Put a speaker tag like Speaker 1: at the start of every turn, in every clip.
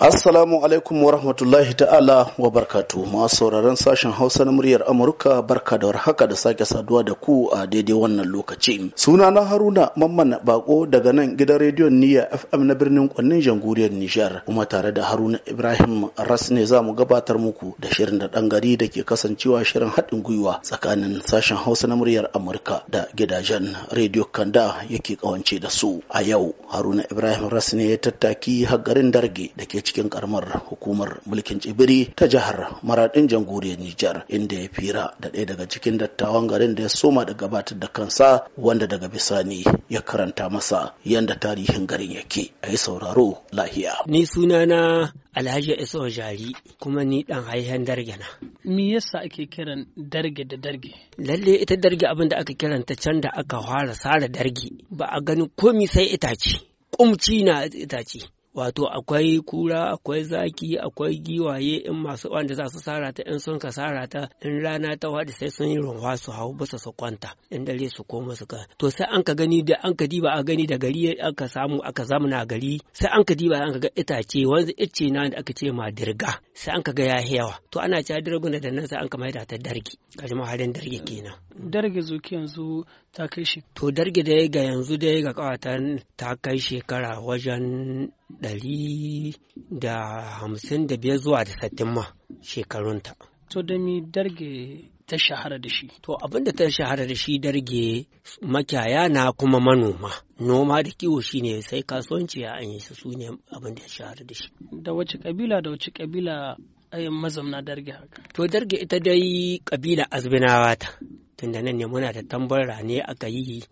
Speaker 1: Assalamu alaikum wa rahmatullahi ta'ala wa barkatu masu sauraron sashen Hausa na muryar Amurka barka da warhaka da sake saduwa da ku a daidai wannan lokaci. Suna na Haruna Mamman Bako daga nan gidan rediyon Niyya FM na birnin Kwannin Janguriyar Nijar kuma tare da Haruna Ibrahim Rasne za mu gabatar muku da shirin da ɗan gari da ke kasancewa shirin haɗin gwiwa tsakanin sashen Hausa na muryar Amurka da gidajen rediyo Kanda yake kawance da su. A yau Haruna Ibrahim Rasne ya tattaki har garin Darge da ke cikin karamar hukumar mulkin tsibiri ta jihar maradin jamhuriyar Nijar inda ya fira da ɗaya daga cikin dattawan garin da ya soma da gabatar da kansa wanda daga bisani ya karanta masa yadda tarihin garin yake a yi sauraro lahiya.
Speaker 2: Ni sunana Alhaji Iso Jari kuma ni dan haihen darge na.
Speaker 3: Me yasa ake kiran darge da darge?
Speaker 2: Lalle ita darge abin da aka kiranta can da aka fara sare darge ba a gani komi sai itace. Kumci na itace. wato akwai kura akwai zaki akwai giwaye in masu wanda za su sara ta in sun ka sara ta in rana ta wadi sai sun yi runwa su hau bisa su kwanta in dare su koma su ka to sai an ka gani da an ka diba a gani da gari an ka samu aka zamana gari sai an ka diba an ka ga itace wanzu icce na da aka ce ma dirga sai an ka ga ya yawa to ana cewa dirguna da nan sai an ka maida ta dargi jama'a halin dargi kenan
Speaker 3: dargi zuki yanzu ta kai shi to dargi da ga yanzu
Speaker 2: da ga kawatan ta kai shekara wajen ɗari da hamsin da biyar zuwa da sattin ma shekarunta. To da mi darge ta shahara da shi? To abin da ta shahara da shi darge makiyaya na kuma manoma. Noma da kiwo shine sai kasuwanci ya an yi su su ne abin da ya shahara da shi.
Speaker 3: Da wace kabila da wace kabila ayin mazamna darge haka?
Speaker 2: To darge ita dai kabila azbinawa ta. tunda nan ne muna da tambar rane aka yi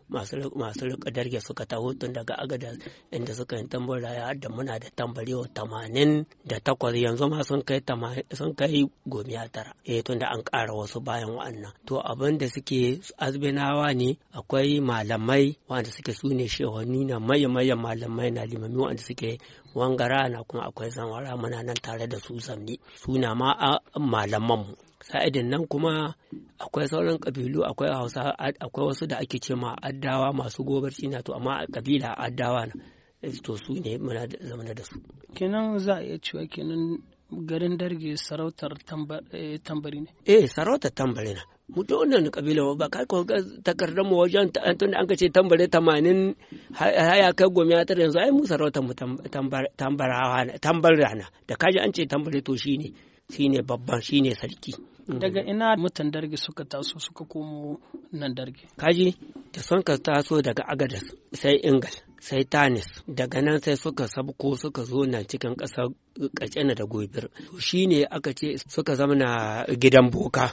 Speaker 2: masu rika darge suka taho tun daga agada inda suka yi tambar rane da muna da tambarewa tamanin da takwas yanzu ma sun kai sun kai ya tara eh tunda an kara wasu bayan wa'annan to abin da suke azbinawa ne akwai malamai wanda suke sune ne shehoni na maye maye malamai na limami wanda suke wangara na kuma akwai zanwara muna nan tare da su zamni suna ma malaman mu sa'idin nan kuma akwai sauran kabilu akwai hausa akwai wasu da ake ce ma addawa masu gobarci na to amma kabila addawa na to su ne muna zamana da su
Speaker 3: kenan za a iya cewa kenan garin darge sarautar eh, tambari ne
Speaker 2: eh sarautar tambari na mutum wannan kabila ba kai ko takardar mu wajen tun da an kace tambare 80 haya kai gomi ya tare yanzu ai mu sarautar mu tambarawa tambara na da kaji an ce tambare to shine shine babban shine sarki
Speaker 3: daga mhm. ina mutan dargi suka taso suka komo nan dargi kaji da san ka taso daga agadas
Speaker 2: sai ingal sai tanis daga nan sai suka sabko suka zo nan cikin ƙasar kacena da gobir shi ne aka ce suka zamana gidan boka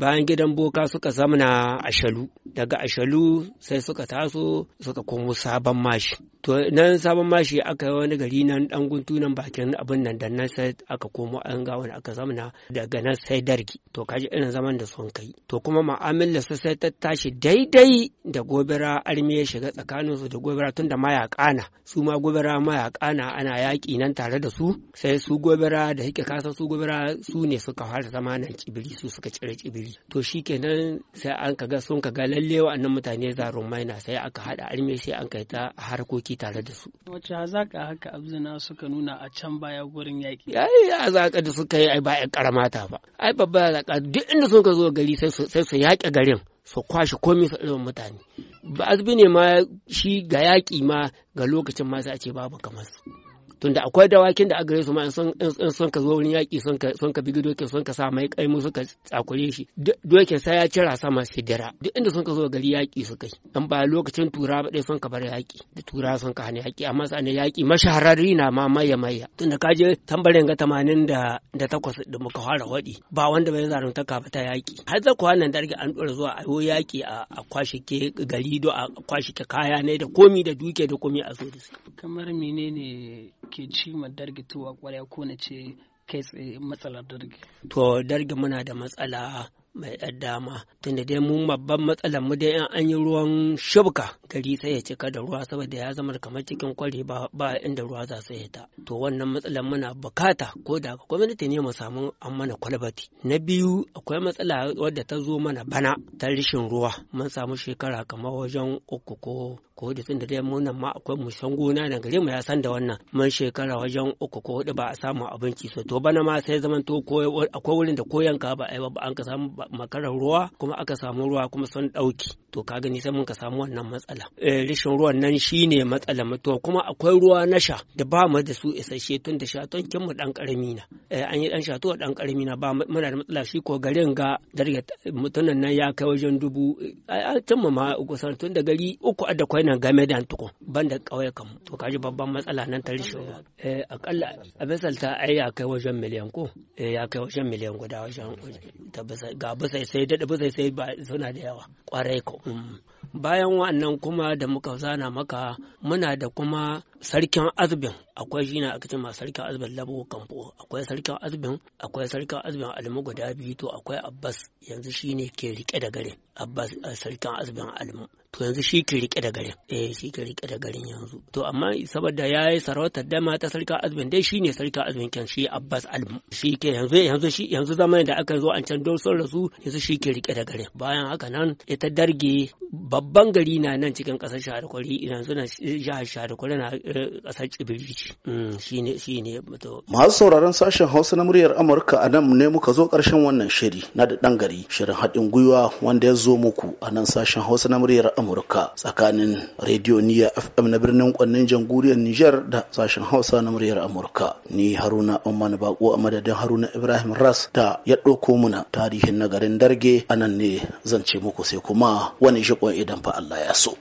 Speaker 2: bayan gidan boka suka zamana ashalu daga ashalu sai suka taso suka komo sabon mashi to nan sabon mashi aka yi wani gari nan dan guntu nan bakin abin nan da nan sai aka komo an ga wani aka zamana daga nan sai dargi to kaji irin zaman da sun kai to kuma ma'amala su sai ta tashi daidai da gobira armi ya shiga tsakaninsu da gobira tun da mayaƙana su ma gobira mayaƙana ana yaƙi nan tare da su sai sai eh, su gobira da hike kasa su gobira su ne suka fara zama nan kibiri su suka cire kibiri to shikenan sai an kaga sun kaga lalle wa'annan mutane zarun maina sai aka hada arme sai an kai ta harkoki tare da su
Speaker 3: wace hazaka haka abzina suka nuna a can baya gurin yaki
Speaker 2: ai hazaka da suka yi ai ba karamata ba ai babba hazaka duk inda sun ka zo gari sai su yaƙe garin su kwashe komai su ɗaya mutane ba azbi ne ma shi ga yaƙi ma ga lokacin ma sai a ce babu kamar su tunda akwai dawakin da agare su ma in son ka zo wurin yaƙi son ka bigi dokin son ka sa mai kaimu suka tsakure shi dokin sai ya cira sama sai dira duk inda son ka zo gari yaƙi su kai an ba lokacin tura ba dai son ka bar yaƙi da tura son ka hana yaƙi amma sai ne yaƙi mashahararri na ma maya maya tunda ka je tambarin ga 80 da takwas da muka fara wadi ba wanda bai zarun ta kafa ta yaƙi har da kuwa darge an dora zuwa ayo yaƙi a kwashe ke gari do a kwashe ke kaya ne da komi da duke da komi a zo da su
Speaker 3: kamar menene ke ci ma dargi tuwa kwarya ko na ce kai tsaye matsalar dargi
Speaker 2: to dargi muna da
Speaker 3: matsala mai ɗan
Speaker 2: dama tunda dai mun babban matsalar mu dai an yi ruwan shubka gari sai ya cika da ruwa saboda ya zama kamar cikin kwari ba ba inda ruwa za su ta to wannan matsalar muna bukata ko da gwamnati ne mu samu an mana kwalbati na biyu akwai matsala wadda ta zo mana bana ta rishin ruwa mun samu shekara kamar wajen uku ko ko da tun da dai mu nan ma akwai san gona na gare mu ya san da wannan mun shekara wajen uku ko hudu ba a samu abinci so to bana ma sai zaman to ko akwai wurin da koyanka yanka ba ai ba an ka samu makarar ruwa kuma aka samu ruwa kuma sun dauki to ka gani sai mun ka samu wannan matsala eh rishin ruwan nan shine matsala mu to kuma akwai ruwa na sha da ba mu da su isasshe tun da shaton kin mu dan karami na eh an yi dan shato dan karami na ba muna da matsala shi ko garin ga darga mutunan nan ya kai wajen dubu a tun ma kusan tun da gari uku a da kwai wannan game da tukun banda kan to kaji babban matsala nan ta rishin ruwa eh akalla a bisalta ai ya kai wajen miliyan ko eh ya kai wajen miliyan guda wajen ta ga bisa sai da bisa sai ba suna da yawa kwarai ko mm. bayan wannan kuma da muka zana maka muna da kuma sarkin azubin akwai shi na aka ce ma sarkin azubin labo kamfo akwai sarkin azubin akwai sarkin azubin almu guda biyu to akwai abbas yanzu ne ke rike da gare abbas sarkin azubin almu to yanzu shi ke rike da garin eh shi ke rike da garin yanzu to amma saboda ya sarauta sarautar dama ta sarki azmin dai shi ne sarki azmin kan shi abbas almu shi ke yanzu yanzu shi yanzu zamanin da aka zo an can don sun rasu yanzu shi ke rike da garin bayan haka nan ita darge babban gari na nan cikin kasar shahadakwari yanzu na jihar eh, shahadakwari na kasar tsibiri mm, shi ne shi ne masu
Speaker 1: sauraron sashen hausa na muryar amurka a nan ne muka zo karshen wannan shiri na da dan gari shirin haɗin gwiwa wanda ya zo muku a nan sashen hausa na muryar amurka tsakanin rediyo niya fm na birnin kwannin jamhuriyar nijar da sashen hausa na muryar amurka ni haruna umman bako a madadin haruna ibrahim ras da ya ɗauko muna tarihin nagarin darge anan ne zan ce muku sai kuma wani shi idan fa allah ya so